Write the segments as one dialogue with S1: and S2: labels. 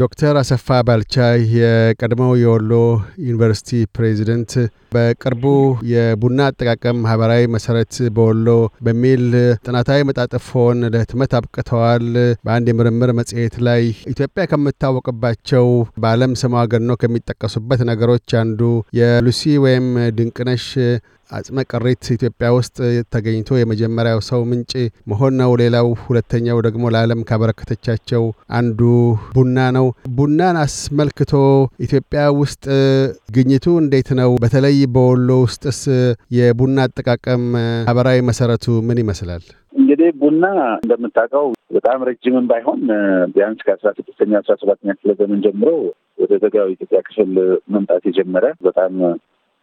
S1: ዶክተር አሰፋ ባልቻ የቀድሞው የወሎ ዩኒቨርሲቲ ፕሬዚደንት፣ በቅርቡ የቡና አጠቃቀም ማህበራዊ መሰረት በወሎ በሚል ጥናታዊ መጣጥፎን ለህትመት አብቅተዋል። በአንድ የምርምር መጽሔት ላይ ኢትዮጵያ ከምታወቅባቸው በዓለም ስሟ ገኖ ከሚጠቀሱበት ነገሮች አንዱ የሉሲ ወይም ድንቅነሽ አጽመ ቅሪት ኢትዮጵያ ውስጥ ተገኝቶ የመጀመሪያው ሰው ምንጭ መሆን ነው። ሌላው ሁለተኛው ደግሞ ለዓለም ካበረከተቻቸው አንዱ ቡና ነው። ቡናን አስመልክቶ ኢትዮጵያ ውስጥ ግኝቱ እንዴት ነው? በተለይ በወሎ ውስጥስ የቡና አጠቃቀም ማህበራዊ መሰረቱ ምን ይመስላል?
S2: እንግዲህ ቡና እንደምታውቀው በጣም ረጅምም ባይሆን ቢያንስ ከአስራ ስድስተኛ አስራ ሰባተኛ ክፍለ ዘመን ጀምሮ ወደ ዘጋዊ ኢትዮጵያ ክፍል መምጣት የጀመረ በጣም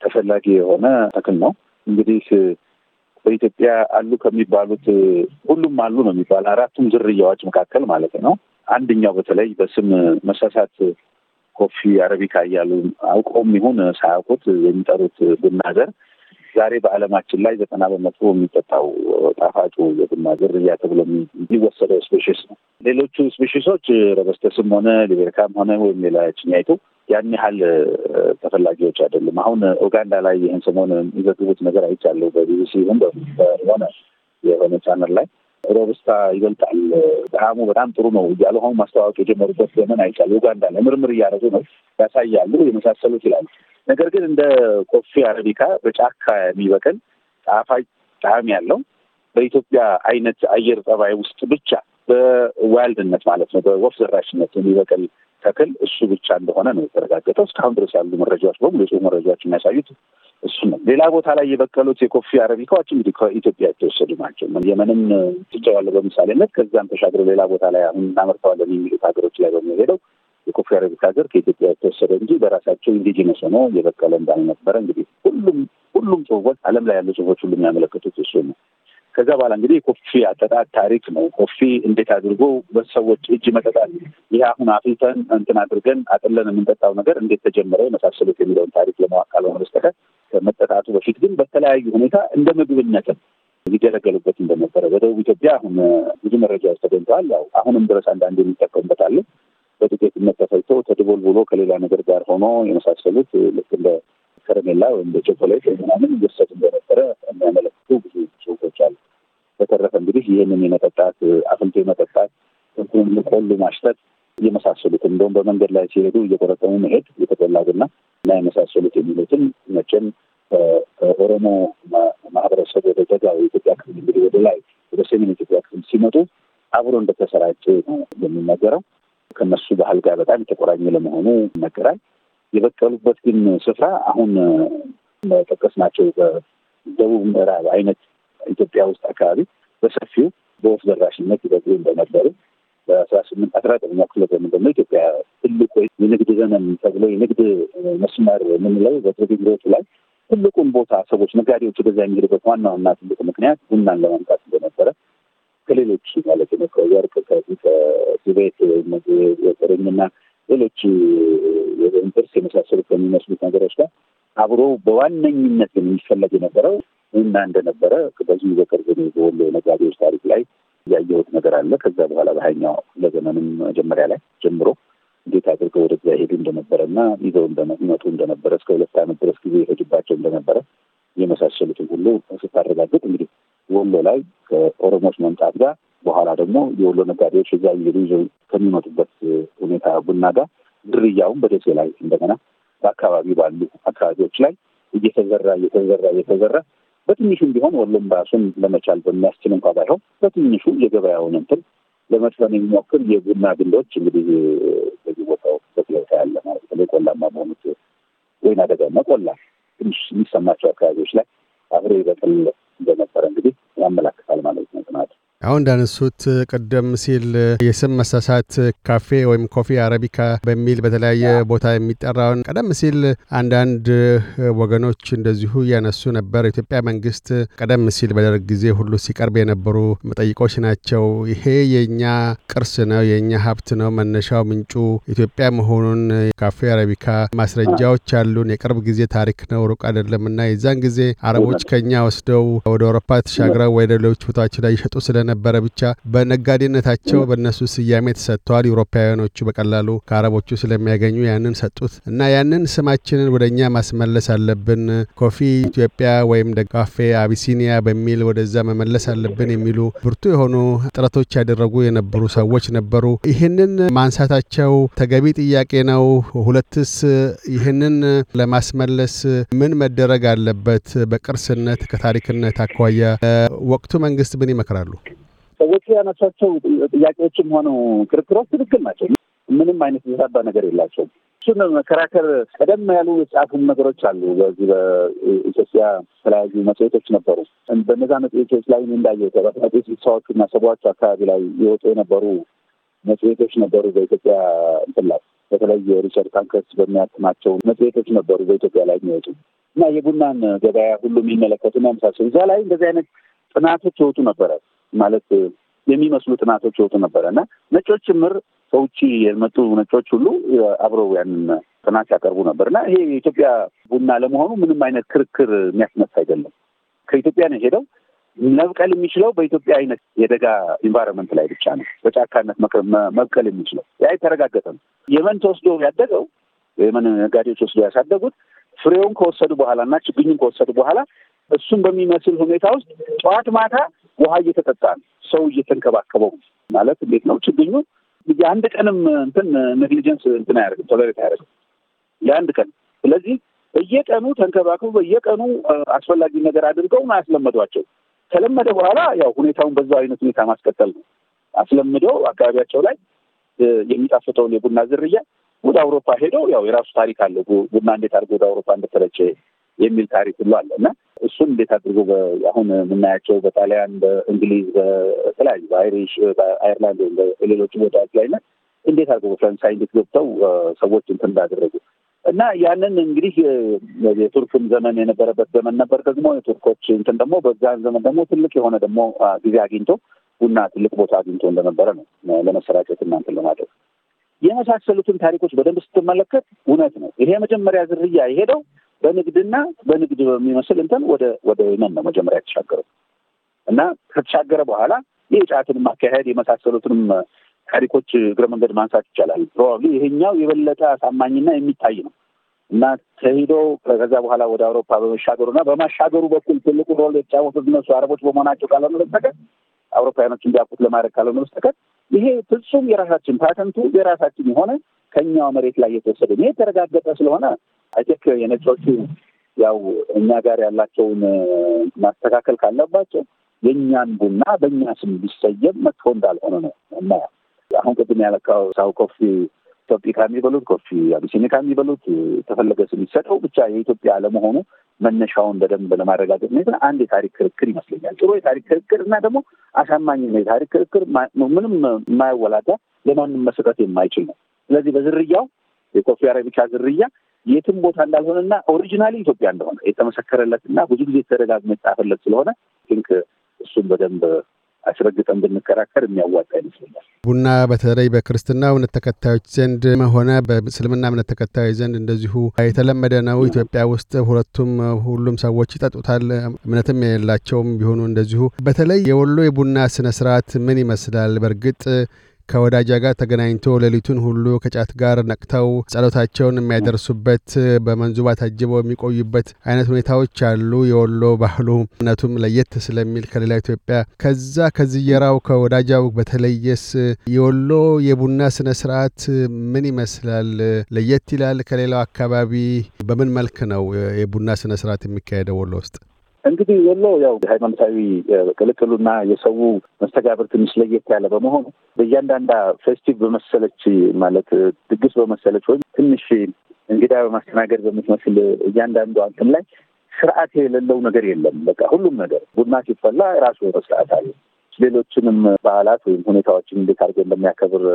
S2: ተፈላጊ የሆነ ተክል ነው። እንግዲህ በኢትዮጵያ አሉ ከሚባሉት ሁሉም አሉ ነው የሚባል አራቱም ዝርያዎች መካከል ማለት ነው። አንደኛው በተለይ በስም መሳሳት ኮፊ አረቢካ እያሉ አውቀውም ይሁን ሳያውቁት የሚጠሩት ቡና ዘር ዛሬ በዓለማችን ላይ ዘጠና በመቶ የሚጠጣው ጣፋጩ የቡና ዝርያ ተብሎ የሚወሰደው ስፔሽስ ነው። ሌሎቹ ስፔሽሶች ረበስተስም ሆነ ሊቤርካም ሆነ ወይም ሌላ ችኛይቱ ያን ያህል ተፈላጊዎች አይደለም። አሁን ኡጋንዳ ላይ ይህን ሰሞን የሚዘግቡት ነገር አይቻለሁ በቢቢሲ ይሁን በሆነ የሆነ ቻነል ላይ ሮብስታ ይበልጣል ጣዕሙ በጣም ጥሩ ነው እያሉ አሁን ማስተዋወቅ የጀመሩበት ዘመን አይቻል ኡጋንዳ ላይ ምርምር እያደረጉ ነው ያሳያሉ፣ የመሳሰሉት ይላሉ። ነገር ግን እንደ ኮፊ አረቢካ በጫካ የሚበቅል ጣፋጭ ጣዕም ያለው በኢትዮጵያ አይነት አየር ጠባይ ውስጥ ብቻ በዋይልድነት ማለት ነው በወፍ ዘራሽነት የሚበቅል ተክል እሱ ብቻ እንደሆነ ነው የተረጋገጠው። እስካሁን ድረስ ያሉ መረጃዎች በሙሉ የጽሁፍ መረጃዎች የሚያሳዩት እሱ ነው። ሌላ ቦታ ላይ የበቀሉት የኮፊ አረቢካዎች እንግዲህ ከኢትዮጵያ የተወሰዱ ናቸው። የመንም ትቸዋለሁ በምሳሌነት ከዛም ተሻግሮ ሌላ ቦታ ላይ አሁን እናመርተዋለን የሚሉት ሀገሮች ላይ በሚሄደው የኮፊ አረቢካ ሀገር ከኢትዮጵያ የተወሰደ እንጂ በራሳቸው ኢንዲጂነስ ሆኖ የበቀለ እንዳልነበረ እንግዲህ ሁሉም ሁሉም ጽሁፎች ዓለም ላይ ያሉ ጽሁፎች ሁሉ የሚያመለክቱት እሱ ነው። ከዛ በኋላ እንግዲህ የኮፊ አጠጣት ታሪክ ነው። ኮፊ እንዴት አድርጎ በሰዎች እጅ መጠጣል፣ ይህ አሁን አፍልተን እንትን አድርገን አጥለን የምንጠጣው ነገር እንዴት ተጀመረ የመሳሰሉት የሚለውን ታሪክ ለመዋቃል በመስተከር ከመጠጣቱ በፊት ግን በተለያዩ ሁኔታ እንደ ምግብነትም ሊገለገሉበት እንደነበረ በደቡብ ኢትዮጵያ አሁን ብዙ መረጃዎች ተገኝተዋል። ያው አሁንም ድረስ አንዳንድ የሚጠቀሙበት አለ። በዱቄትነት ተፈልቶ ተድቦልቡሎ ከሌላ ነገር ጋር ሆኖ የመሳሰሉት ልክ እንደ ከረሜላ ወይም እንደ ቾኮሌት ምናምን ይወሰድ እንደነበረ የሚያመለክቱ ብዙ ጽሁፎች አሉ። በተረፈ እንግዲህ ይህንን የመጠጣት አፍልቶ የመጠጣት እንትን ቆሎ ማሽተት የመሳሰሉት እንደውም በመንገድ ላይ ሲሄዱ እየቆረጠሙ መሄድ የተጠላ ቡና እና የመሳሰሉት የሚሉትን መቼም ከኦሮሞ ማህበረሰብ ወደ ደጋ የኢትዮጵያ ክፍል እንግዲህ ወደ ላይ ወደ ሰሜን ኢትዮጵያ ክፍል ሲመጡ አብሮ እንደተሰራጨ ነው የሚነገረው። ከነሱ ባህል ጋር በጣም የተቆራኘ ለመሆኑ ይነገራል። የበቀሉበት ግን ስፍራ አሁን መጠቀስ ናቸው በደቡብ ምዕራብ አይነት ኢትዮጵያ ውስጥ አካባቢ በሰፊው በወፍ ዘራሽነት ይበቅሉ እንደነበሩ በአስራ ስምንት አስራ ዘጠነኛ ክፍለ ዘመን ደግሞ ኢትዮጵያ ትልቁ የንግድ ዘመን ተብሎ የንግድ መስመር የምንለው በትርግግሮች ላይ ትልቁን ቦታ ሰዎች ነጋዴዎች ወደዚያ የሚሄዱበት ዋና ትልቁ ምክንያት ቡናን ለማምጣት እንደነበረ ከሌሎች ማለት ነው ከወርቅ ከሲቤት ወጠረኝና ሌሎች ጥርስ የመሳሰሉት ከሚመስሉት ነገሮች ጋር አብሮ በዋነኝነት የሚፈለግ የነበረው እና እንደነበረ በዚሁ በቅርብ በወሎ ነጋዴዎች ታሪክ ላይ ያየሁት ነገር አለ። ከዛ በኋላ በሀያኛው ለዘመንም መጀመሪያ ላይ ጀምሮ እንዴት አድርገው ወደ ሄዱ እንደነበረ እና ይዘው ይመጡ እንደነበረ እስከ ሁለት ዓመት ድረስ ጊዜ የፈጅባቸው እንደነበረ የመሳሰሉትን ሁሉ ስታረጋግጥ እንግዲህ ወሎ ላይ ከኦሮሞዎች መምጣት ጋር በኋላ ደግሞ የወሎ ነጋዴዎች እዛ እየሄዱ ይዘው ከሚመጡበት ሁኔታ ቡና ጋር ድርያውን በደሴ ላይ እንደገና በአካባቢ ባሉ አካባቢዎች ላይ እየተዘራ እየተዘራ እየተዘራ በትንሹም ቢሆን ወሎም ራሱን ለመቻል በሚያስችል እንኳ ባይሆን በትንሹ የገበያውን እንትን ለመድፈን የሚሞክር የቡና ግንዶች እንግዲህ በዚህ ቦታው በፍለታ ያለ ማለት በተለይ ቆላማ በሆኑት ወይና ደጋማ ቆላ ትንሽ የሚሰማቸው አካባቢዎች ላይ አብሬ በቅል እንደነበረ እንግዲህ
S1: ያመላክታል ማለት ነው ጥናቱ። አሁን እንዳነሱት ቀደም ሲል የስም መሳሳት ካፌ ወይም ኮፊ አረቢካ በሚል በተለያየ ቦታ የሚጠራውን ቀደም ሲል አንዳንድ ወገኖች እንደዚሁ እያነሱ ነበር። ኢትዮጵያ መንግስት ቀደም ሲል በደርግ ጊዜ ሁሉ ሲቀርብ የነበሩ መጠይቆች ናቸው። ይሄ የእኛ ቅርስ ነው፣ የእኛ ሀብት ነው፣ መነሻው ምንጩ ኢትዮጵያ መሆኑን ካፌ አረቢካ ማስረጃዎች አሉን፣ የቅርብ ጊዜ ታሪክ ነው፣ ሩቅ አይደለም እና የዛን ጊዜ አረቦች ከኛ ወስደው ወደ አውሮፓ ተሻግረው ወደ ሌሎች ቦታዎች ላይ ይሸጡ ስለ ስለነበረ ብቻ በነጋዴነታቸው በእነሱ ስያሜ ተሰጥተዋል። ኢውሮፓውያኖቹ በቀላሉ ከአረቦቹ ስለሚያገኙ ያንን ሰጡት እና ያንን ስማችንን ወደ እኛ ማስመለስ አለብን። ኮፊ ኢትዮጵያ ወይም ደካፌ አቢሲኒያ በሚል ወደዛ መመለስ አለብን የሚሉ ብርቱ የሆኑ ጥረቶች ያደረጉ የነበሩ ሰዎች ነበሩ። ይህንን ማንሳታቸው ተገቢ ጥያቄ ነው። ሁለትስ ይህንን ለማስመለስ ምን መደረግ አለበት? በቅርስነት ከታሪክነት አኳያ ወቅቱ መንግስት ምን ይመክራሉ?
S2: ሰዎቹ ያነሷቸው ጥያቄዎችም ሆኑ ክርክሮች ትክክል ናቸው። ምንም አይነት የተዛባ ነገር የላቸውም። እሱን መከራከር ቀደም ያሉ የጻፉም ነገሮች አሉ። በዚህ በኢትዮጵያ የተለያዩ መጽሔቶች ነበሩ። በነዛ መጽሔቶች ላይ እንዳየው በአስራ ዘጠኝ ስልሳዎቹ እና ሰባዎቹ አካባቢ ላይ የወጡ የነበሩ መጽሔቶች ነበሩ። በኢትዮጵያ እንትን በተለይ ሪቻርድ ታንከርስ በሚያትማቸው መጽሔቶች ነበሩ በኢትዮጵያ ላይ የሚወጡ እና የቡናን ገበያ ሁሉ የሚመለከቱ የሚመለከቱና የመሳሰሉ እዛ ላይ እንደዚህ አይነት ጥናቶች ይወጡ ነበረ ማለት የሚመስሉ ጥናቶች ይወጡ ነበረ እና ነጮች ጭምር ከውጭ የመጡ ነጮች ሁሉ አብረው ያንን ጥናት ያቀርቡ ነበር እና ይሄ የኢትዮጵያ ቡና ለመሆኑ ምንም አይነት ክርክር የሚያስነሳ አይደለም። ከኢትዮጵያ ነው የሄደው። መብቀል የሚችለው በኢትዮጵያ አይነት የደጋ ኢንቫይሮንመንት ላይ ብቻ ነው። በጫካነት መብቀል የሚችለው ያ የተረጋገጠ ነው። የመን ተወስዶ ያደገው የመን ነጋዴዎች ወስዶ ያሳደጉት ፍሬውን ከወሰዱ በኋላ እና ችግኙን ከወሰዱ በኋላ እሱን በሚመስል ሁኔታ ውስጥ ጠዋት ማታ ውሃ እየተጠጣ ነው፣ ሰው እየተንከባከበው ማለት እንዴት ነው ችግኙ የአንድ ቀንም እንትን ኔግሊጀንስ እንትን አያደርግም ቶለሬት አያደርግም የአንድ ቀን ስለዚህ በየቀኑ ተንከባክበው በየቀኑ አስፈላጊ ነገር አድርገው ያስለመዷቸው ከለመደ በኋላ ያው ሁኔታውን በዛው አይነት ሁኔታ ማስቀጠል ነው። አስለምደው አካባቢያቸው ላይ የሚጣፍጠውን የቡና ዝርያ ወደ አውሮፓ ሄደው ያው የራሱ ታሪክ አለው ቡና እንዴት አድርጎ ወደ አውሮፓ እንደተረጨ የሚል ታሪክ ሁሉ አለ እና እሱን እንዴት አድርጎ አሁን የምናያቸው በጣሊያን፣ በእንግሊዝ፣ በተለያዩ በአይሪሽ፣ በአይርላንድ ወይም በሌሎች ቦታዎች ላይ ና እንዴት አድርጎ በፈረንሳይ እንዴት ገብተው ሰዎች እንትን እንዳደረጉ እና ያንን እንግዲህ የቱርክም ዘመን የነበረበት ዘመን ነበር። ደግሞ የቱርኮች እንትን ደግሞ በዛን ዘመን ደግሞ ትልቅ የሆነ ደግሞ ጊዜ አግኝቶ ቡና ትልቅ ቦታ አግኝቶ እንደነበረ ነው ለመሰራጨት እናንትን ለማድረግ የመሳሰሉትን ታሪኮች በደንብ ስትመለከት እውነት ነው። ይሄ የመጀመሪያ ዝርያ የሄደው በንግድና በንግድ በሚመስል እንትን ወደ ወደ የመን ነው መጀመሪያ የተሻገረው እና ከተሻገረ በኋላ የጫትን ማካሄድ የመሳሰሉትንም ታሪኮች እግረ መንገድ ማንሳት ይቻላል። ፕሮባብሊ ይሄኛው የበለጠ አሳማኝና የሚታይ ነው እና ተሂዶ ከዛ በኋላ ወደ አውሮፓ በመሻገሩና በማሻገሩ በኩል ትልቁ ሮል የተጫወቱት እነሱ አረቦች በመሆናቸው ካልሆነ በስተቀር አውሮፓውያኖች እንዲያውቁት ለማድረግ ካልሆነ በስተቀር ይሄ ፍጹም የራሳችን ፓተንቱ የራሳችን የሆነ ከኛው መሬት ላይ የተወሰደ ይሄ የተረጋገጠ ስለሆነ አይ ቲንክ uh, የነጮቹ ያው እኛ ጋር ያላቸውን uh, ማስተካከል ካለባቸው የእኛን ቡና በእኛ ስም ቢሰየም መጥፎ እንዳልሆነ ነው እና አሁን ቅድም ያለካው ሳው ኮፊ ኢትዮጵካ የሚበሉት ኮፊ አቢሲኒ የሚበሉት የተፈለገ ስም ይሰጠው ብቻ የኢትዮጵያ አለመሆኑ መነሻውን በደንብ ለማረጋገጥ ሁኔታ አንድ የታሪክ ክርክር ይመስለኛል። ጥሩ የታሪክ ክርክር እና ደግሞ አሳማኝ ነው። የታሪክ ክርክር ምንም የማያወላዳ ለማንም መሰጠት የማይችል ነው። ስለዚህ በዝርያው የኮፊ አረቢካ ዝርያ የትም ቦታ እንዳልሆነና ኦሪጂናሊ ኢትዮጵያ እንደሆነ እና ብዙ ጊዜ ተደጋግሞ የተጻፈለት ስለሆነ ቲንክ እሱም በደንብ አስረግጠን ብንከራከር የሚያዋጣ ይመስለኛል።
S1: ቡና በተለይ በክርስትና እምነት ተከታዮች ዘንድ ሆነ በእስልምና እምነት ተከታዮች ዘንድ እንደዚሁ የተለመደ ነው። ኢትዮጵያ ውስጥ ሁለቱም ሁሉም ሰዎች ይጠጡታል። እምነትም የሌላቸውም ቢሆኑ እንደዚሁ። በተለይ የወሎ የቡና ስነ ስርዓት ምን ይመስላል? በእርግጥ ከወዳጃ ጋር ተገናኝቶ ሌሊቱን ሁሉ ከጫት ጋር ነቅተው ጸሎታቸውን የሚያደርሱበት በመንዙባ ታጅበው የሚቆዩበት አይነት ሁኔታዎች አሉ። የወሎ ባህሉ እምነቱም ለየት ስለሚል ከሌላ ኢትዮጵያ ከዛ ከዝየራው ከወዳጃው በተለየስ የወሎ የቡና ስነ ስርዓት ምን ይመስላል? ለየት ይላል ከሌላው አካባቢ በምን መልክ ነው የቡና ስነ ስርዓት የሚካሄደው ወሎ ውስጥ?
S2: እንግዲህ ወሎ ያው ሃይማኖታዊ ቅልቅሉና የሰው መስተጋብር ትንሽ ለየት ያለ በመሆኑ በእያንዳንዳ ፌስቲቭ በመሰለች ማለት ድግስ በመሰለች ወይም ትንሽ እንግዳ በማስተናገድ በምትመስል እያንዳንዱ አንትም ላይ ስርዓት የሌለው ነገር የለም። በቃ ሁሉም ነገር ቡና ሲፈላ ራሱ የሆነ ስርዓት አለ። ሌሎችንም በዓላት ወይም ሁኔታዎችን እንዴት አድርገ እንደሚያከብር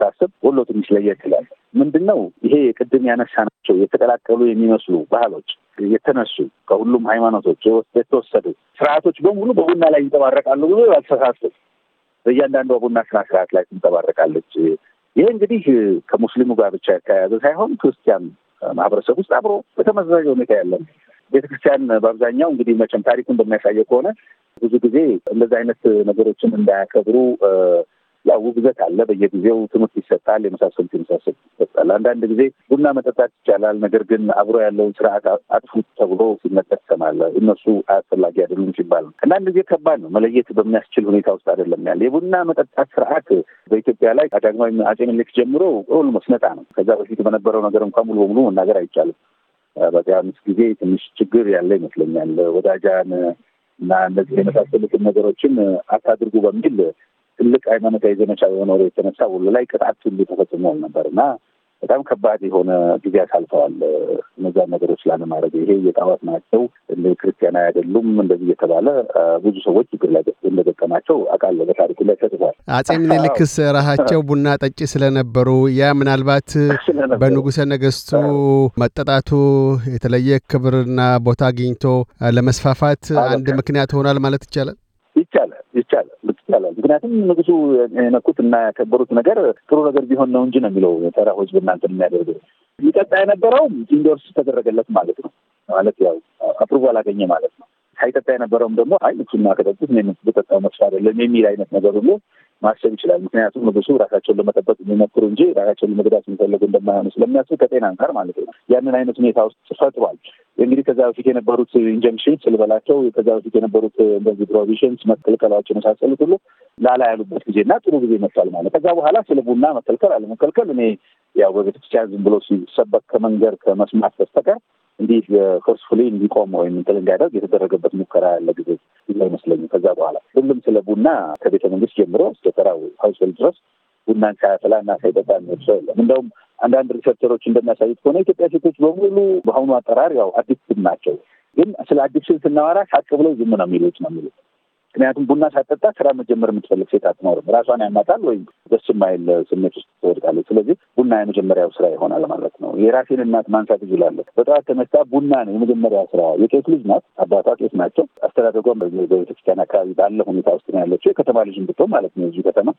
S2: ታስብ ወሎ ትንሽ ለየት ይላል። ምንድን ነው ይሄ ቅድም ያነሳ ናቸው የተቀላቀሉ የሚመስሉ ባህሎች የተነሱ ከሁሉም ሃይማኖቶች የተወሰዱ ስርዓቶች በሙሉ በቡና ላይ ይንጸባረቃሉ ብሎ ያልተሳሳትም በእያንዳንዷ ቡና ስነ ስርዓት ላይ ትንጸባረቃለች። ይህ እንግዲህ ከሙስሊሙ ጋር ብቻ የተያያዘ ሳይሆን ክርስቲያን ማህበረሰብ ውስጥ አብሮ በተመሳሳይ ሁኔታ ያለ ቤተክርስቲያን በአብዛኛው እንግዲህ መቼም ታሪኩን እንደሚያሳየው ከሆነ ብዙ ጊዜ እንደዚህ አይነት ነገሮችን እንዳያከብሩ ያው ውብዘት አለ። በየጊዜው ትምህርት ይሰጣል፣ የመሳሰሉት የመሳሰሉት ይሰጣል። አንዳንድ ጊዜ ቡና መጠጣት ይቻላል፣ ነገር ግን አብሮ ያለውን ስርዓት አጥፉት ተብሎ ሲመጠት እነሱ አስፈላጊ አይደሉም ሲባል ነው። አንዳንድ ጊዜ ከባድ ነው መለየት በሚያስችል ሁኔታ ውስጥ አይደለም ያለ የቡና መጠጣት ስርዓት በኢትዮጵያ ላይ ዳግማዊ አጼ ምኒልክ ጀምሮ ኦልሞስት ነጣ ነው። ከዛ በፊት በነበረው ነገር እንኳን ሙሉ በሙሉ መናገር አይቻልም። በዚያ አምስት ጊዜ ትንሽ ችግር ያለ ይመስለኛል። ወዳጃን እና እነዚህ የመሳሰሉትን ነገሮችን አታድርጉ በሚል ትልቅ ሃይማኖታዊ ዘመቻ በመኖሩ የተነሳ ወሎ ላይ ቅጣት ሁሉ ተፈጽሞል ነበር እና በጣም ከባድ የሆነ ጊዜ አሳልፈዋል። እነዚ ነገሮች ላለማድረግ ይሄ የጣዖት ናቸው እንደ ክርስቲያን አይደሉም እንደዚህ እየተባለ ብዙ ሰዎች ችግር ላይ እንደገጠማቸው አውቃለሁ። በታሪኩ ላይ ተጽፏል።
S1: አጼ ምኒልክስ ራሳቸው ቡና ጠጪ ስለነበሩ ያ ምናልባት በንጉሰ ነገስቱ መጠጣቱ የተለየ ክብርና ቦታ አግኝቶ ለመስፋፋት አንድ ምክንያት ሆኗል ማለት ይቻላል
S2: ይቻላል ይቻላል ይቻላል። ምክንያቱም ንጉሱ የነኩት እና ያከበሩት ነገር ጥሩ ነገር ቢሆን ነው እንጂ ነው የሚለው ተራ ህዝብ እናንተ የሚያደርገው ይጠጣ የነበረው ኢንዶርስ ተደረገለት ማለት ነው። ማለት ያው አፕሩቭ አላገኘ ማለት ነው። ሳይጠጣ የነበረውም ደግሞ አይ እሱና ከጠጡት ብጠጣው መጥፎ አይደለም የሚል አይነት ነገር ሁሉ ማሰብ ይችላል። ምክንያቱም ንጉሱ ራሳቸውን ለመጠበቅ የሚሞክሩ እንጂ ራሳቸውን ለመግዳት የሚፈልጉ እንደማይሆኑ ስለሚያስብ ከጤና አንጻር ማለት ነው ያንን አይነት ሁኔታ ውስጥ ፈጥሯል። እንግዲህ ከዛ በፊት የነበሩት ኢንጀንክሽን ስልበላቸው ከዛ በፊት የነበሩት እንደዚህ ፕሮቪዥንስ፣ መከልከላዎች የመሳሰሉት ሁሉ ላላ ያሉበት ጊዜ እና ጥሩ ጊዜ መጥቷል ማለት ከዛ በኋላ ስለ ቡና መከልከል አለመከልከል እኔ ያው በቤተክርስቲያን ዝም ብሎ ሲሰበክ ከመንገር ከመስማት በስተቀር እንዲህ ፎርስፉሊ እንዲቆም ወይም እንትን እንዳያደርግ የተደረገበት ሙከራ ያለ ጊዜ ይመስለኝ። ከዛ በኋላ ሁሉም ስለ ቡና ከቤተ መንግስት ጀምሮ ተራው ሀውስል ድረስ ቡናን ሳያፈላ እና ሳይጠጣ የሚወድ ሰው የለም። እንደውም አንዳንድ ሪሰርቸሮች እንደሚያሳዩት ከሆነ ኢትዮጵያ ሴቶች በሙሉ በአሁኑ አጠራር ያው አዲክትድ ናቸው። ግን ስለ አዲክሽን ስናወራ ሳቅ ብለው ዝም ነው የሚሉት ነው የሚሉት ምክንያቱም ቡና ሳጠጣ ስራ መጀመር የምትፈልግ ሴት አትኖርም። ራሷን ያማጣል ወይም ደስ የማይል ስሜት ውስጥ ትወድቃለች። ስለዚህ ቡና የመጀመሪያው ስራ ይሆናል ማለት ነው። የራሴን እናት ማንሳት እችላለሁ። በጠዋት ተነስታ ቡና ነው የመጀመሪያ ስራ። የቄስ ልጅ ናት፣ አባቷ ቄስ ናቸው። አስተዳደጓም በቤተክርስቲያን አካባቢ ባለ ሁኔታ ውስጥ ነው ያለችው። የከተማ ልጅ ብትሆን ማለት ነው እዚሁ ከተማ።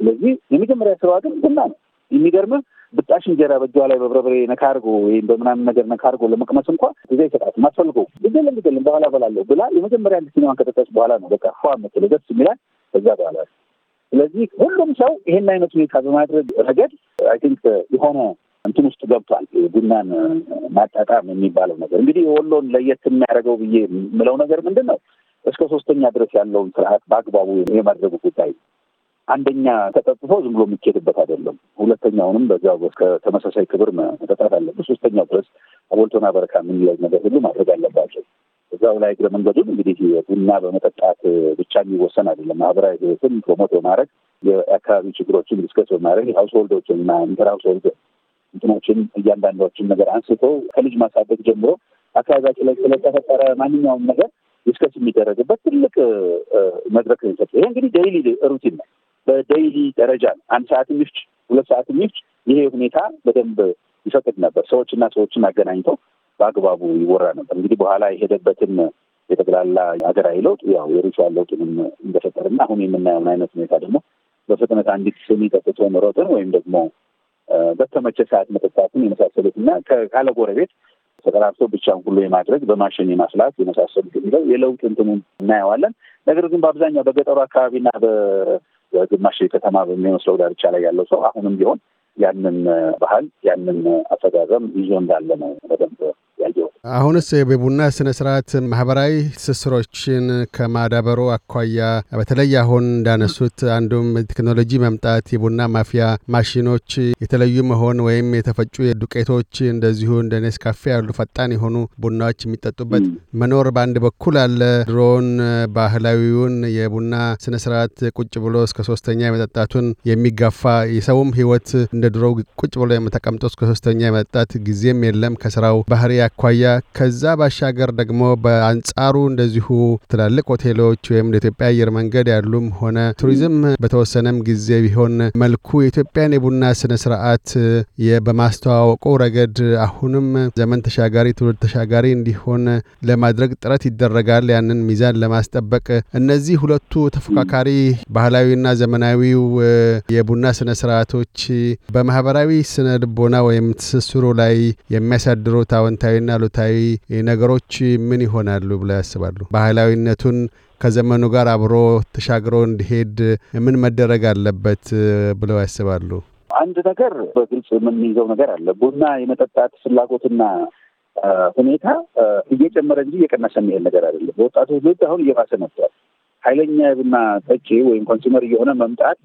S2: ስለዚህ የመጀመሪያ ስራዋ ግን ቡና ነው። የሚገርም ብጣሽ እንጀራ በእጇ ላይ በብረብሬ ነካርጎ ወይም በምናምን ነገር ነካርጎ ለመቅመስ እንኳ ጊዜ ይሰጣት አስፈልገው ግደለን ግደለን በኋላ በላለሁ ብላ የመጀመሪያ አንድ ሲኒማን ከጠጣች በኋላ ነው በቃ ፏ መስለ ደስ የሚላል በዛ በኋላ። ስለዚህ ሁሉም ሰው ይሄን አይነት ሁኔታ በማድረግ ረገድ አይ ቲንክ የሆነ እንትን ውስጥ ገብቷል። ቡናን ማጣጣም የሚባለው ነገር እንግዲህ የወሎን ለየት የሚያደርገው ብዬ የምለው ነገር ምንድን ነው እስከ ሶስተኛ ድረስ ያለውን ስርዓት በአግባቡ የማድረጉ ጉዳይ አንደኛ ተጠጥቶ ዝም ብሎ የሚኬድበት አይደለም። ሁለተኛውንም በዚያ ከተመሳሳይ ክብር መጠጣት አለበት። ሶስተኛው ድረስ አቦልቶና በረካ የምንለው ነገር ሁሉ ማድረግ አለባቸው። እዛው ላይ እግረ መንገዱን እንግዲህ ቡና በመጠጣት ብቻ የሚወሰን አይደለም። ማህበራዊ ህይወትን ፕሮሞት በማድረግ የአካባቢ ችግሮችን ዲስከስ በማድረግ ሀውስሆልዶችን እና ኢንተር ሀውስሆልድ እንትኖችን እያንዳንዷችን ነገር አንስቶ ከልጅ ማሳደግ ጀምሮ አካባቢያችን ላይ ስለተፈጠረ ማንኛውም ነገር ዲስከስ የሚደረግበት ትልቅ መድረክ ነው። ይሄ እንግዲህ ዴይሊ ሩቲን ነው። በደይሊ ደረጃ ነው። አንድ ሰዓት የሚፍጭ ሁለት ሰዓት የሚፍጭ ይሄ ሁኔታ በደንብ ይፈቅድ ነበር። ሰዎችና ሰዎችን አገናኝተው በአግባቡ ይወራ ነበር። እንግዲህ በኋላ የሄደበትን የጠቅላላ ሀገራዊ ለውጥ ያው የሩሲያን ለውጥንም እንደፈጠርና አሁን የምናየውን አይነት ሁኔታ ደግሞ በፍጥነት አንዲት ስኒ ጠጥቶ መሮጥን ወይም ደግሞ በተመቸ ሰዓት መጠጣትን የመሳሰሉት እና ካለ ጎረቤት ተቀራርቶ ብቻን ሁሉ የማድረግ በማሽን የማስላት የመሳሰሉት የሚለው የለውጥ እንትኑ እናየዋለን። ነገር ግን በአብዛኛው በገጠሩ አካባቢና ግማሽ ከተማ በሚመስለው ዳርቻ ላይ ያለው ሰው አሁንም ቢሆን ያንን ባህል ያንን አስተጋዘም ይዞ እንዳለ ነው በደንብ
S1: ያየው። አሁንስ በቡና ስነ ስርዓት ማህበራዊ ትስስሮችን ከማዳበሩ አኳያ በተለይ አሁን እንዳነሱት አንዱም ቴክኖሎጂ መምጣት የቡና ማፍያ ማሽኖች የተለዩ መሆን ወይም የተፈጩ ዱቄቶች እንደዚሁ እንደ ኔስካፌ ያሉ ፈጣን የሆኑ ቡናዎች የሚጠጡበት መኖር በአንድ በኩል አለ። ድሮውን ባህላዊውን የቡና ስነ ስርዓት ቁጭ ብሎ እስከ ሶስተኛ የመጠጣቱን የሚጋፋ የሰውም ህይወት እንደ ድሮው ቁጭ ብሎ ተቀምጦ እስከ ሶስተኛ የመጠጣት ጊዜም የለም ከስራው ባህሪ አኳያ ከዛ ባሻገር ደግሞ በአንጻሩ እንደዚሁ ትላልቅ ሆቴሎች ወይም ለኢትዮጵያ አየር መንገድ ያሉም ሆነ ቱሪዝም በተወሰነም ጊዜ ቢሆን መልኩ የኢትዮጵያን የቡና ስነ ስርዓት በማስተዋወቁ ረገድ አሁንም ዘመን ተሻጋሪ ትውልድ ተሻጋሪ እንዲሆን ለማድረግ ጥረት ይደረጋል። ያንን ሚዛን ለማስጠበቅ እነዚህ ሁለቱ ተፎካካሪ ባህላዊና ዘመናዊው የቡና ስነ ስርዓቶች በማህበራዊ ስነ ልቦና ወይም ትስስሩ ላይ የሚያሳድሩት አወንታ አዎንታዊና አሉታዊ ነገሮች ምን ይሆናሉ ብለው ያስባሉ? ባህላዊነቱን ከዘመኑ ጋር አብሮ ተሻግሮ እንዲሄድ ምን መደረግ አለበት ብለው ያስባሉ?
S2: አንድ ነገር በግልጽ የምንይዘው ነገር አለ። ቡና የመጠጣት ፍላጎትና ሁኔታ እየጨመረ እንጂ እየቀነሰ የሚሄድ ነገር አይደለም። በወጣቱ ልጅ አሁን እየባሰ መጥቷል። ኃይለኛ የቡና ጠጪ ወይም ኮንሱመር እየሆነ መምጣት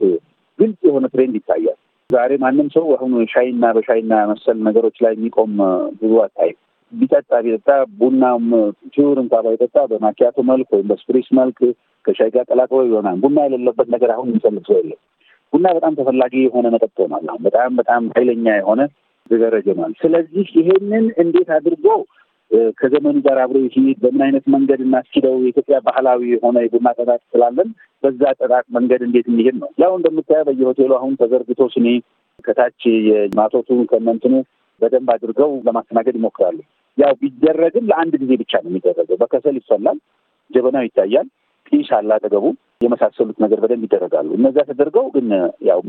S2: ግልጽ የሆነ ትሬንድ ይታያል። ዛሬ ማንም ሰው አሁን ሻይና በሻይና መሰል ነገሮች ላይ የሚቆም ብዙ አታይም። ቢጠጣ ቢጠጣ ቡናም ፒውር እንኳ ባይጠጣ በማኪያቶ መልክ ወይም በስፕሪስ መልክ ከሻይ ጋር ቀላቅሎ ይሆናል። ቡና የሌለበት ነገር አሁን የሚፈልግ ሰው የለም። ቡና በጣም ተፈላጊ የሆነ መጠጥ ሆኗል። አሁን በጣም በጣም ኃይለኛ የሆነ ዘገረጅ ሆኗል። ስለዚህ ይሄንን እንዴት አድርጎ ከዘመኑ ጋር አብሮ ይሄድ በምን አይነት መንገድ እናስኪደው የኢትዮጵያ ባህላዊ የሆነ የቡና ጠጣት ስላለን በዛ ጠጣት መንገድ እንዴት እንሄድ ነው። ያው እንደምታየው በየሆቴሉ አሁን ተዘርግቶ ስኒ ከታች የማቶቱ ከመንትኑ በደንብ አድርገው ለማስተናገድ ይሞክራሉ። ያው ቢደረግም ለአንድ ጊዜ ብቻ ነው የሚደረገው። በከሰል ይፈላል፣ ጀበናው ይታያል፣ ጢስ አለ አጠገቡ፣ የመሳሰሉት ነገር በደንብ ይደረጋሉ። እነዚያ ተደርገው ግን ያው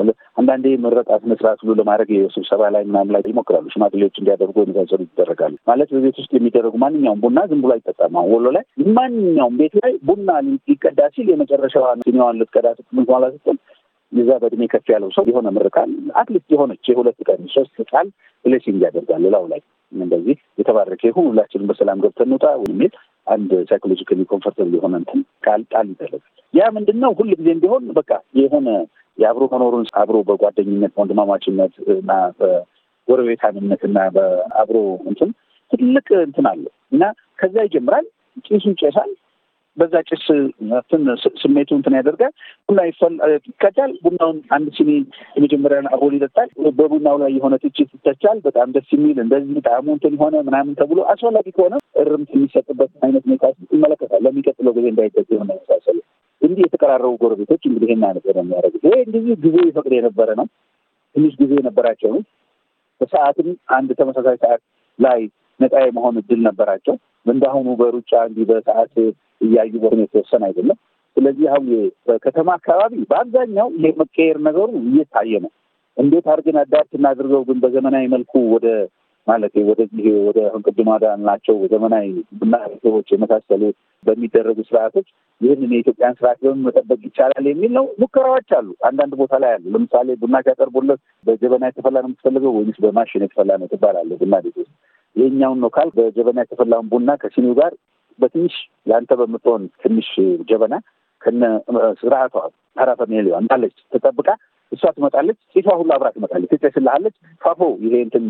S2: አንዳንዴ ምረቃ ስነ ስርዓት ሁሉ ለማድረግ ስብሰባ ላይ ምናምን ላይ ይሞክራሉ፣ ሽማግሌዎች እንዲያደርጉ የመሳሰሉት ይደረጋሉ። ማለት በቤት ውስጥ የሚደረጉ ማንኛውም ቡና ዝም ብሎ አይጠጣም። አሁን ወሎ ላይ ማንኛውም ቤት ላይ ቡና ሊቀዳ ሲል የመጨረሻዋ ሲኒዋን ልትቀዳ ስትል እንኳን የዛ በእድሜ ከፍ ያለው ሰው የሆነ ምርቃን አትሊስት የሆነች የሁለት ቀን ሶስት ቃል ብሌሲንግ ያደርጋል ላው ላይ እንደዚህ የተባረከ ይሁን ሁላችንም በሰላም ገብተን እንውጣ የሚል አንድ ሳይኮሎጂካሊ ኮንፈርታብል የሆነ እንትን ቃል ጣል ይደረጋል። ያ ምንድን ነው ሁል ጊዜም ቢሆን በቃ የሆነ የአብሮ መኖሩን አብሮ በጓደኝነት በወንድማማችነት እና በጎረቤታምነት እና በአብሮ እንትን ትልቅ እንትን አለ እና ከዛ ይጀምራል። ጭሱ ይጨሳል፣ በዛ ጭስ ስሜቱ እንትን ያደርጋል። ቡና ይፈላል። ቡናውን አንድ ሲኒ የመጀመሪያን አቦል ይጠጣል። በቡናው ላይ የሆነ ትችት ይተቻል። በጣም ደስ የሚል እንደዚህ ጣዕሙ እንትን የሆነ ምናምን ተብሎ አስፈላጊ ከሆነ እርምት የሚሰጥበት አይነት ሁኔታ ይመለከታል። ለሚቀጥለው ጊዜ እንዳይደግ የሆነ መሳሰሉ እንዲህ የተቀራረቡ ጎረቤቶች እንግዲህ ና ነገር ነው የሚያደርጉት። ይሄ እንግዲህ ጊዜ ይፈቅድ የነበረ ነው። ትንሽ ጊዜ የነበራቸው ነው። በሰዓትም አንድ ተመሳሳይ ሰዓት ላይ ነፃ የመሆን እድል ነበራቸው። እንዳሁኑ በሩጫ እንዲህ በሰዓት እያዩ በሆነ የተወሰነ አይደለም። ስለዚህ አሁን በከተማ አካባቢ በአብዛኛው የመቀየር ነገሩ እየታየ ነው። እንዴት አድርገን አዳፕት እናድርገው ግን በዘመናዊ መልኩ ወደ ማለት ወደዚህ ወደ ቅድም አዳልናቸው ዘመናዊ ቡና ቤቶች የመሳሰሉ በሚደረጉ ስርዓቶች ይህንን የኢትዮጵያን ስርዓት በምን መጠበቅ ይቻላል የሚል ነው። ሙከራዎች አሉ፣ አንዳንድ ቦታ ላይ አሉ። ለምሳሌ ቡና ሲያቀርቡለት በጀበና የተፈላ ነው የምትፈልገው ወይስ በማሽን የተፈላ ነው ትባላለህ ቡና ቤት ውስጥ። ይህኛውን ነው ካል በጀበና የተፈላውን ቡና ከሲኒው ጋር በትንሽ ለአንተ በምትሆን ትንሽ ጀበና ከነ ስርዓቷ ተራ ሚሊዮን እንዳለች ተጠብቃ እሷ ትመጣለች፣ ሴቷ ሁሉ አብራ ትመጣለች፣ ትጨስልሃለች። ፋፎ ይሄ እንትን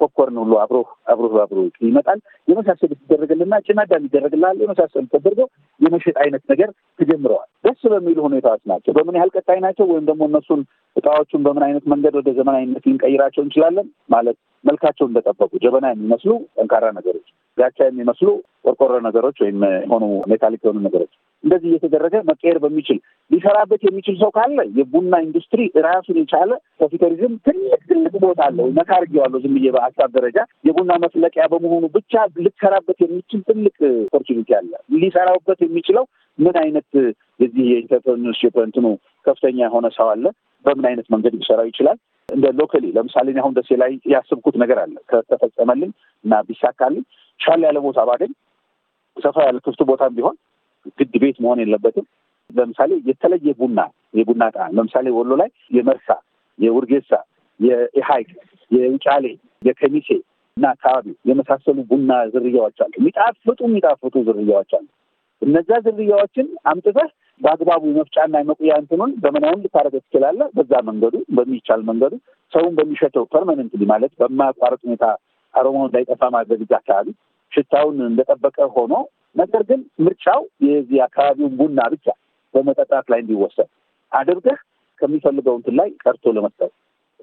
S2: ፖፕኮርን ሁሉ አብሮ አብሮ አብሮ ይመጣል። የመሳሰሉ ትደረግልና ጭናዳ ይደረግልሃል። የመሳሰሉ ተደርገው የመሸጥ አይነት ነገር ተጀምረዋል። ደስ በሚሉ ሁኔታዎች ናቸው። በምን ያህል ቀጣይ ናቸው ወይም ደግሞ እነሱን እቃዎቹን በምን አይነት መንገድ ወደ ዘመናዊነት ልንቀይራቸው እንችላለን ማለት መልካቸው እንደጠበቁ ጀበና የሚመስሉ ጠንካራ ነገሮች፣ ጋቻ የሚመስሉ ቆርቆሮ ነገሮች ወይም የሆኑ ሜታሊክ የሆኑ ነገሮች እንደዚህ እየተደረገ መቀየር በሚችል ሊሰራበት የሚችል ሰው ካለ የቡና ኢንዱስትሪ ራሱን የቻለ ኮፊተሪዝም ትልቅ ትልቅ ቦታ አለው። ነካ አድርጌዋለሁ ዝም ብዬ ደረጃ የቡና መፍለቂያ በመሆኑ ብቻ ልትሰራበት የሚችል ትልቅ ኦፖርቹኒቲ አለ። ሊሰራበት የሚችለው ምን አይነት የዚህ የኢንተርፕረነርሺፕ እንትኑ ከፍተኛ የሆነ ሰው አለ፣ በምን አይነት መንገድ ሊሰራው ይችላል። እንደ ሎከሊ ለምሳሌ አሁን ደሴ ላይ ያስብኩት ነገር አለ ከተፈጸመልኝ እና ቢሳካልኝ ሻል ያለ ቦታ ባገኝ ሰፋ ያለ ክፍት ቦታም ቢሆን ግድ ቤት መሆን የለበትም። ለምሳሌ የተለየ ቡና የቡና ጣዕም ለምሳሌ ወሎ ላይ የመርሳ፣ የውርጌሳ፣ የኢሀይቅ፣ የውጫሌ፣ የከሚሴ እና አካባቢ የመሳሰሉ ቡና ዝርያዎች አሉ። የሚጣፍጡ የሚጣፍጡ ዝርያዎች አሉ። እነዛ ዝርያዎችን አምጥተህ በአግባቡ መፍጫና መቁያ እንትኑን ዘመናዊውን ልታደርገው ትችላለህ። በዛ መንገዱ በሚቻል መንገዱ ሰውን በሚሸተው ፐርማነንትሊ ማለት በማያቋርጥ ሁኔታ አሮማውን እንዳይጠፋ ማድረግ አካባቢ ሽታውን እንደጠበቀ ሆኖ ነገር ግን ምርጫው የዚህ አካባቢውን ቡና ብቻ በመጠጣት ላይ እንዲወሰን አድርገህ ከሚፈልገው እንትን ላይ ቀርቶ ለመስጠት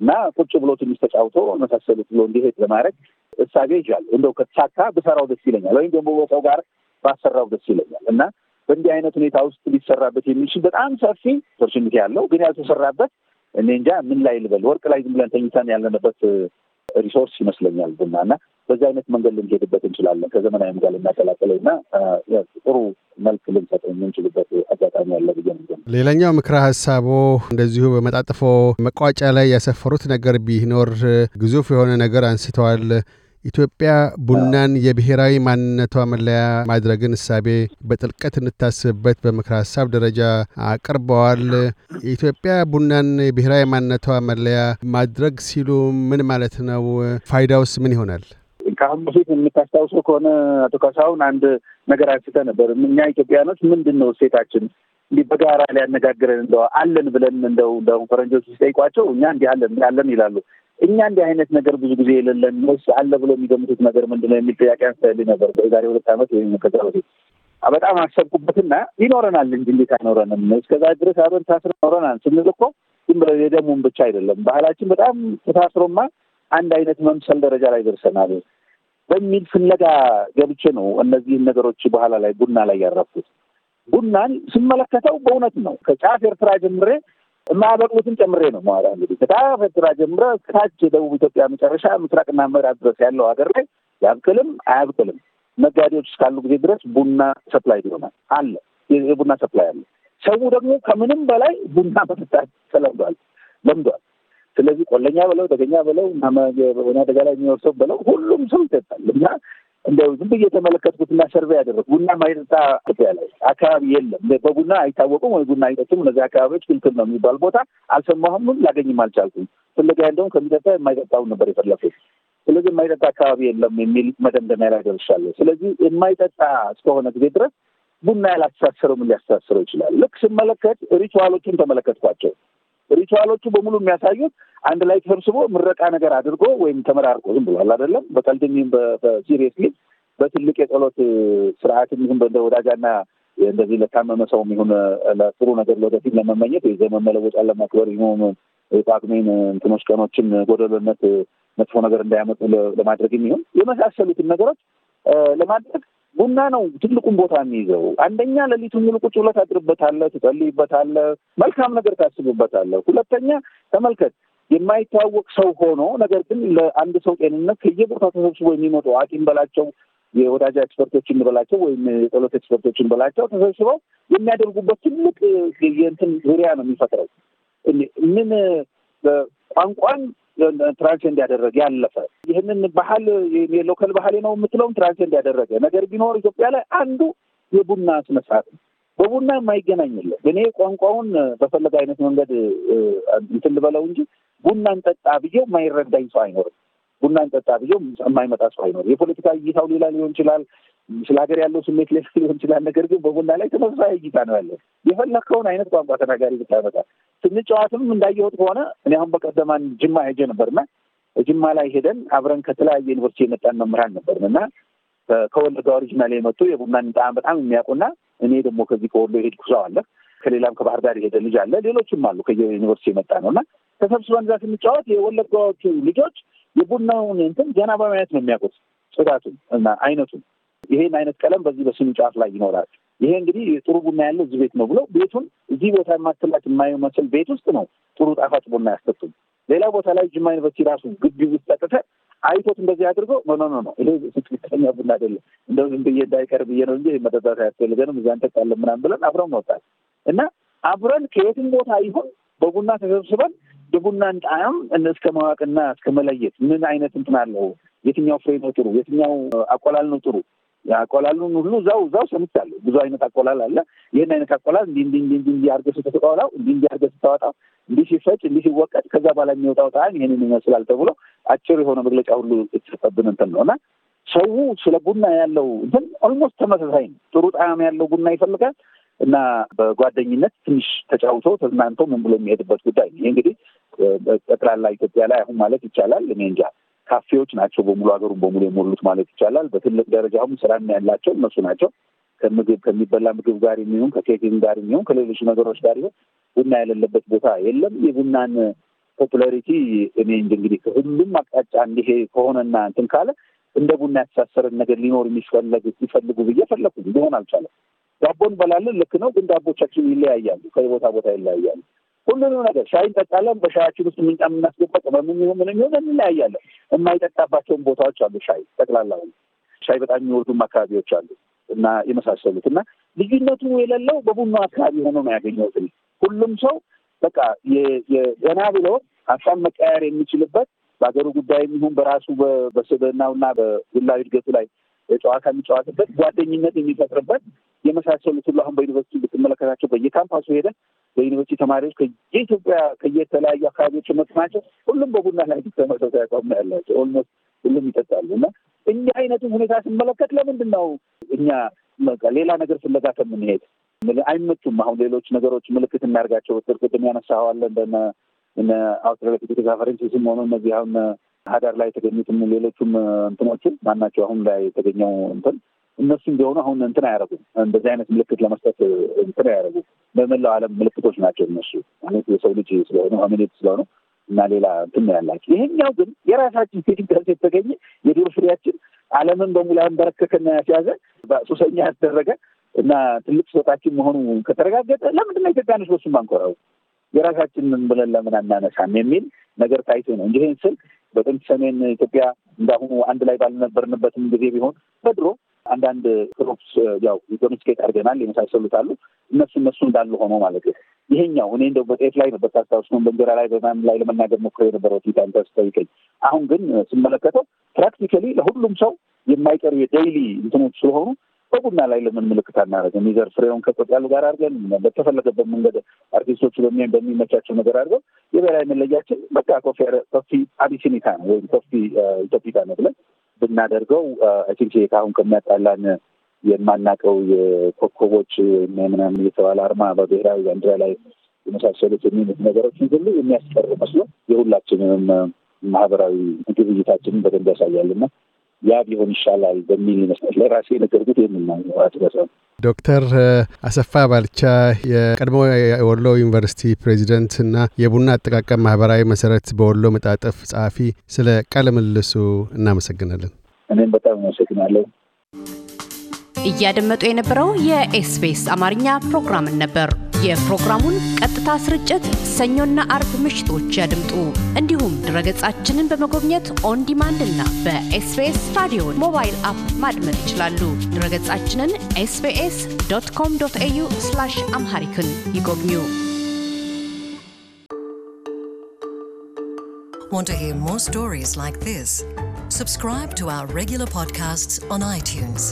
S2: እና ቁጭ ብሎ ትንሽ ተጫውቶ መሳሰሉት ብሎ እንዲሄድ ለማድረግ እሳቤ ይዣለሁ። እንደው ከተሳካ ብሰራው ደስ ይለኛል፣ ወይም ደግሞ በሰው ጋር ባሰራው ደስ ይለኛል እና በእንዲህ አይነት ሁኔታ ውስጥ ሊሰራበት የሚችል በጣም ሰፊ ኦፖርቹኒቲ ያለው ግን ያልተሰራበት እኔ እንጃ ምን ላይ ልበል፣ ወርቅ ላይ ዝም ብለን ተኝተን ያለንበት ሪሶርስ ይመስለኛል ቡና እና በዚህ አይነት መንገድ ልንሄድበት እንችላለን። ከዘመናዊም ጋር ልናቀላቀለው እና ጥሩ መልክ ልንሰጥ የምንችልበት
S1: አጋጣሚ ያለ ብዬ ነው። ሌላኛው ምክረ ሀሳቦ እንደዚሁ በመጣጥፎ መቋጫ ላይ ያሰፈሩት ነገር ቢኖር ግዙፍ የሆነ ነገር አንስተዋል። ኢትዮጵያ ቡናን የብሔራዊ ማንነቷ መለያ ማድረግን እሳቤ በጥልቀት እንታስብበት በምክረ ሀሳብ ደረጃ አቅርበዋል። ኢትዮጵያ ቡናን የብሔራዊ ማንነቷ መለያ ማድረግ ሲሉ ምን ማለት ነው? ፋይዳውስ ምን ይሆናል?
S2: ከአሁን በፊት የምታስታውሰው ከሆነ አቶ ካሳሁን አንድ ነገር አንስተ ነበር። እኛ ኢትዮጵያኖች ምንድን ነው እሴታችን እንዲህ በጋራ ሊያነጋግረን እንደ አለን ብለን እንደው እንደሁ ፈረንጆች ሲጠይቋቸው እኛ እንዲህ አለን አለን ይላሉ። እኛ እንዲህ አይነት ነገር ብዙ ጊዜ የሌለን ስ አለ ብሎ የሚገምቱት ነገር ምንድን ነው የሚል ጥያቄ አንስተህልኝ ነበር የዛሬ ሁለት ዓመት ወይም ከዛ በፊት በጣም አሰብኩበትና ይኖረናል እንጂ እንዴት አይኖረንም? እስከዛ ድረስ አብረን ታስረ ኖረናል ስንል እኮ ዝም ብለው የደሙን ብቻ አይደለም ባህላችን በጣም ተሳስሮማ አንድ አይነት መምሰል ደረጃ ላይ ደርሰናል። በሚል ፍለጋ ገብቼ ነው እነዚህን ነገሮች በኋላ ላይ ቡና ላይ ያረፉት። ቡናን ስመለከተው በእውነት ነው ከጫፍ ኤርትራ ጀምሬ የማያበቅሉትን ጨምሬ ነው መዋላ እንግዲህ ከጫፍ ኤርትራ ጀምሬ ከታች የደቡብ ኢትዮጵያ መጨረሻ ምስራቅና ምዕራብ ድረስ ያለው ሀገር ላይ ያብቅልም አያብቅልም ነጋዴዎች እስካሉ ጊዜ ድረስ ቡና ሰፕላይ ይሆናል አለ የቡና ሰፕላይ አለ። ሰው ደግሞ ከምንም በላይ ቡና መጠጣት ተለምዷል ለምዷል። ስለዚህ ቆለኛ በለው ደገኛ በለው ወይና አደጋ ላይ የሚወርሰው በለው ሁሉም ሰው ይሰጣል እና እንደው ዝም ብዬ የተመለከትኩት እና ሰርቬ ያደረግኩ ቡና ማይጠጣ ኢትዮጵያ ላይ አካባቢ የለም። በቡና አይታወቁም ወይ ቡና አይጠጡም። እነዚህ አካባቢዎች ክልክል ነው የሚባል ቦታ አልሰማሁም፣ ላገኝም አልቻልኩም። ፍለጋ ያለውን ከሚጠጣ የማይጠጣውን ነበር የፈለኩት። ስለዚህ የማይጠጣ አካባቢ የለም የሚል መደምደሚያ ላይ ደርሻለሁ። ስለዚህ የማይጠጣ እስከሆነ ጊዜ ድረስ ቡና ያላስተሳሰረው ምን ሊያስተሳስረው ይችላል? ልክ ስመለከት ሪቹዋሎቹን ተመለከትኳቸው። ሪቹዋሎቹ በሙሉ የሚያሳዩት አንድ ላይ ተሰብስቦ ምረቃ ነገር አድርጎ ወይም ተመራርቆ ዝም ብሏል አይደለም። በቀልድም በሲሪየስ በሲሪየስሊ በትልቅ የጸሎት ስርዓት ይሁን እንደ ወዳጃና እንደዚህ ለታመመ ሰው ይሁን ለጥሩ ነገር ለወደፊት ለመመኘት የዘመን መለወጫ ለማክበር ይሁን የጳጉሜን እንትኖች ቀኖችን ጎደሎነት መጥፎ ነገር እንዳያመጡ ለማድረግ የሚሆን የመሳሰሉትን ነገሮች ለማድረግ ቡና ነው ትልቁን ቦታ የሚይዘው። አንደኛ ሌሊቱን ሙሉ ቁጭ ብለህ ታድርበታለህ፣ ትጸልይበታለህ፣ መልካም ነገር ታስብበታለህ። ሁለተኛ ተመልከት የማይታወቅ ሰው ሆኖ ነገር ግን ለአንድ ሰው ጤንነት ከየቦታ ተሰብስቦ የሚመጡ ሐኪም በላቸው የወዳጅ ኤክስፐርቶችን በላቸው ወይም የጸሎት ኤክስፐርቶችን በላቸው ተሰብስበው የሚያደርጉበት ትልቅ የእንትን ዙሪያ ነው የሚፈጥረው። ምን ቋንቋን ትራንስጀንድ ያደረገ ያለፈ ይህንን ባህል የሎከል ባህሌ ነው የምትለውም ትራንሴንድ ያደረገ ነገር ቢኖር ኢትዮጵያ ላይ አንዱ የቡና ስነስርዓት ነው። በቡና የማይገናኝለን እኔ ቋንቋውን በፈለገ አይነት መንገድ እንትን ልበለው እንጂ ቡናን ጠጣ ብዬው የማይረዳኝ ሰው አይኖርም። ቡናን ጠጣ ብዬው የማይመጣ ሰው አይኖርም። የፖለቲካ እይታው ሌላ ሊሆን ይችላል። ስለ ሀገር ያለው ስሜት ሌስ ሊሆን ይችላል። ነገር ግን በቡና ላይ ተመሳሳይ እይታ ነው ያለው። የፈለግከውን አይነት ቋንቋ ተናጋሪ ብታመጣ ስንጫዋትም እንዳየሁት ከሆነ እኔ አሁን በቀደማን ጅማ ሄጄ ነበርና ጅማ ላይ ሄደን አብረን ከተለያየ ዩኒቨርሲቲ የመጣን መምህራን ነበርን እና ከወለጋ ኦሪጂናል የመጡ የቡናን ጣዕም በጣም የሚያውቁና እኔ ደግሞ ከዚህ ከወሎ የሄድኩ ሰው አለ፣ ከሌላም ከባህር ዳር የሄደ ልጅ አለ፣ ሌሎችም አሉ ከየዩኒቨርሲቲ የመጣ ነው እና ተሰብስበን እዛ ስንጫወት የወለጋዎቹ ልጆች የቡናውን እንትን ገና በማየት ነው የሚያውቁት ጽዳቱን እና አይነቱን ይሄን አይነት ቀለም በዚህ በስኒ ጫፍ ላይ ይኖራል። ይሄ እንግዲህ ጥሩ ቡና ያለው እዚህ ቤት ነው ብለው ቤቱን እዚህ ቦታ የማስላት የማይመስል ቤት ውስጥ ነው ጥሩ ጣፋጭ ቡና ያስጠጡም። ሌላ ቦታ ላይ ጅማ ዩኒቨርሲቲ ራሱ ግቢ ውስጥ ጠጥተ አይቶት እንደዚህ አድርጎ ኖ ኖ ኖ ይሄ ትክክለኛ ቡና አይደለም፣ እንደው ዝም ብዬ እንዳይቀር ብዬ ነው እንጂ መጠጣት አያስፈልገንም፣ እዛ እንጠጣለን ምናምን ብለን አብረን ወጣል እና አብረን ከየትም ቦታ ይሁን በቡና ተሰብስበን የቡናን ጣዕም እስከ ማወቅና እስከ መለየት ምን አይነት እንትን አለው፣ የትኛው ፍሬ ነው ጥሩ፣ የትኛው አቆላል ነው ጥሩ አቆላሉን ሁሉ እዛው እዛው ሰምቻለሁ። ብዙ አይነት አቆላል አለ። ይህን አይነት አቆላል እንዲህ እንዲ እንዲህ እንዲ አርገ ስትቆላው እንዲ እንዲህ አድርገህ ስታወጣው ሲፈጭ እንዲ ሲወቀጥ ከዛ በኋላ የሚወጣው ጣዕም ይህንን ይመስላል ተብሎ አጭር የሆነ መግለጫ ሁሉ የተሰጠብን እንትን ነው እና ሰው ስለ ቡና ያለው እንትን ኦልሞስት ተመሳሳይ ነው። ጥሩ ጣዕም ያለው ቡና ይፈልጋል እና በጓደኝነት ትንሽ ተጫውቶ ተዝናንቶ ምን ብሎ የሚሄድበት ጉዳይ ነው። ይህ እንግዲህ ጠቅላላ ኢትዮጵያ ላይ አሁን ማለት ይቻላል እኔ እንጃ ካፌዎች ናቸው በሙሉ ሀገሩን በሙሉ የሞሉት ማለት ይቻላል። በትልቅ ደረጃ አሁን ስራም ያላቸው እነሱ ናቸው። ከምግብ ከሚበላ ምግብ ጋር የሚሆን ከኬኪንግ ጋር የሚሆን ከሌሎች ነገሮች ጋር ይሆን ቡና የሌለበት ቦታ የለም። የቡናን ፖፑላሪቲ እኔ እንጂ እንግዲህ ከሁሉም አቅጣጫ እንዲሄ ከሆነና እንትን ካለ እንደ ቡና ያተሳሰረን ነገር ሊኖር የሚፈለግ ሲፈልጉ ብዬ ፈለኩ ሊሆን አልቻለም። ዳቦ እንበላለን፣ ልክ ነው። ግን ዳቦቻችን ይለያያሉ፣ ከቦታ ቦታ ይለያያሉ። ሁሉንም ነገር ሻይ እንጠጣለን። በሻያችን ውስጥ ምንጫ የምናስገባጭ በምን ሆን ምን ሆን እንለያያለን። የማይጠጣባቸውን ቦታዎች አሉ። ሻይ ጠቅላላ ሻይ በጣም የሚወርዱም አካባቢዎች አሉ እና የመሳሰሉት እና ልዩነቱ የሌለው በቡና አካባቢ ሆኖ ነው ያገኘሁት። ሁሉም ሰው በቃ የገና ብሎ ሀሳብ መቀያየር የሚችልበት በሀገሩ ጉዳይ የሚሆን በራሱ በስብዕናውና በግላዊ እድገቱ ላይ ጨዋታ የሚጨዋትበት ጓደኝነት የሚፈጥርበት የመሳሰሉት ሁሉ አሁን በዩኒቨርሲቲ ብትመለከታቸው በየካምፓሱ ሄደ በዩኒቨርሲቲ ተማሪዎች ከየኢትዮጵያ ከየተለያዩ አካባቢዎች የመጡ ናቸው። ሁሉም በቡና ላይ ተመሰሳ ያቋሙ ያላቸው ኦልሞስት ሁሉም ይጠጣሉ። እና እኛ አይነቱን ሁኔታ ስመለከት ለምንድን ነው እኛ በቃ ሌላ ነገር ፍለጋ ከምንሄድ አይመቹም። አሁን ሌሎች ነገሮች ምልክት እናደርጋቸው ቅድም ያነሳዋለ እንደነ አውስትራሊያ ፊት የተጋፈረንሲስም ሆነ እነዚህ አሁን ሀዳር ላይ የተገኙትም ሌሎቹም እንትኖችን ማናቸው አሁን ላይ የተገኘው እንትን እነሱ እንዲሆኑ አሁን እንትን አያደረጉም። እንደዚህ አይነት ምልክት ለመስጠት እንትን አያደረጉም። በመላው ዓለም ምልክቶች ናቸው እነሱ ማለት የሰው ልጅ ስለሆኑ አሚኔት ስለሆኑ እና ሌላ እንትን ያላቸው። ይሄኛው ግን የራሳችን ሴቲንግ ቴክኒካል የተገኘ የዱር ፍሬያችን ዓለምን በሙሉ ያንበረከከና ያስያዘ ሱሰኛ ያስደረገ እና ትልቅ ስጦታችን መሆኑ ከተረጋገጠ ለምንድን ነው ኢትዮጵያኖች በሱ ማንኮራው የራሳችንን ብለን ለምን አናነሳም የሚል ነገር ታይቶ ነው እንጂ ይህን ስል በጥንት ሰሜን ኢትዮጵያ እንዳሁኑ አንድ ላይ ባልነበርንበትም ጊዜ ቢሆን በድሮ አንዳንድ ክሮፕስ ያው ዶሚስኬት አድርገናል የመሳሰሉት አሉ። እነሱ እነሱ እንዳሉ ሆኖ ማለት ነው። ይሄኛው እኔ እንደው በጤፍ ላይ ነበር ታስታውስ ነው በእንጀራ ላይ በምናምን ላይ ለመናገር ሞክሬ የነበረው ፊታን ታስታውቀኝ። አሁን ግን ስመለከተው ፕራክቲካሊ ለሁሉም ሰው የማይቀሩ የዴይሊ እንትኖች ስለሆኑ በቡና ላይ ለምን ምልክት አናደርግም? ይዘር ፍሬውን ከቆጣሉ ጋር አድርገን በተፈለገበት መንገድ አርቲስቶቹ በሚመቻቸው ነገር አድርገን የብሔራዊ መለያችን በቃ ኮፊ ኮፊ አቢሲኒካ ነው ወይም ኮፊ ኢትዮፒካ ነው ብለን ብናደርገው አይ ቲንክ ከአሁን ከሚያጣላን የማናቀው የኮከቦች ምናምን የተባለ አርማ በብሔራዊ ባንዲራ ላይ የመሳሰሉት የሚሉት ነገሮችን ሁሉ የሚያስቀር መስሎ የሁላችንም ማህበራዊ ግብይታችንን በደንብ ያሳያልና ያ ቢሆን ይሻላል በሚል ይመስላል ለራሴ ነገርኩት የምናኘዋት በሰብ
S1: ዶክተር አሰፋ ባልቻ የቀድሞ የወሎ ዩኒቨርሲቲ ፕሬዚደንት እና የቡና አጠቃቀም ማህበራዊ መሰረት በወሎ መጣጠፍ ጸሐፊ፣ ስለ ቃለ ምልልሱ እናመሰግናለን።
S2: እኔም በጣም አመሰግናለሁ።
S1: እያደመጡ የነበረው የኤስፔስ አማርኛ ፕሮግራምን ነበር። የፕሮግራሙን ቀጥታ ስርጭት ሰኞና አርብ ምሽቶች ያድምጡ። እንዲሁም ድረገጻችንን በመጎብኘት ኦን ዲማንድ እና በኤስቤስ ራዲዮ ሞባይል አፕ ማድመጥ ይችላሉ። ድረገጻችንን ኤስቤስ ዶት ኮም ዶት ኤዩ አምሃሪክን ይጎብኙ። Want to hear more stories like this? Subscribe to our regular podcasts on iTunes.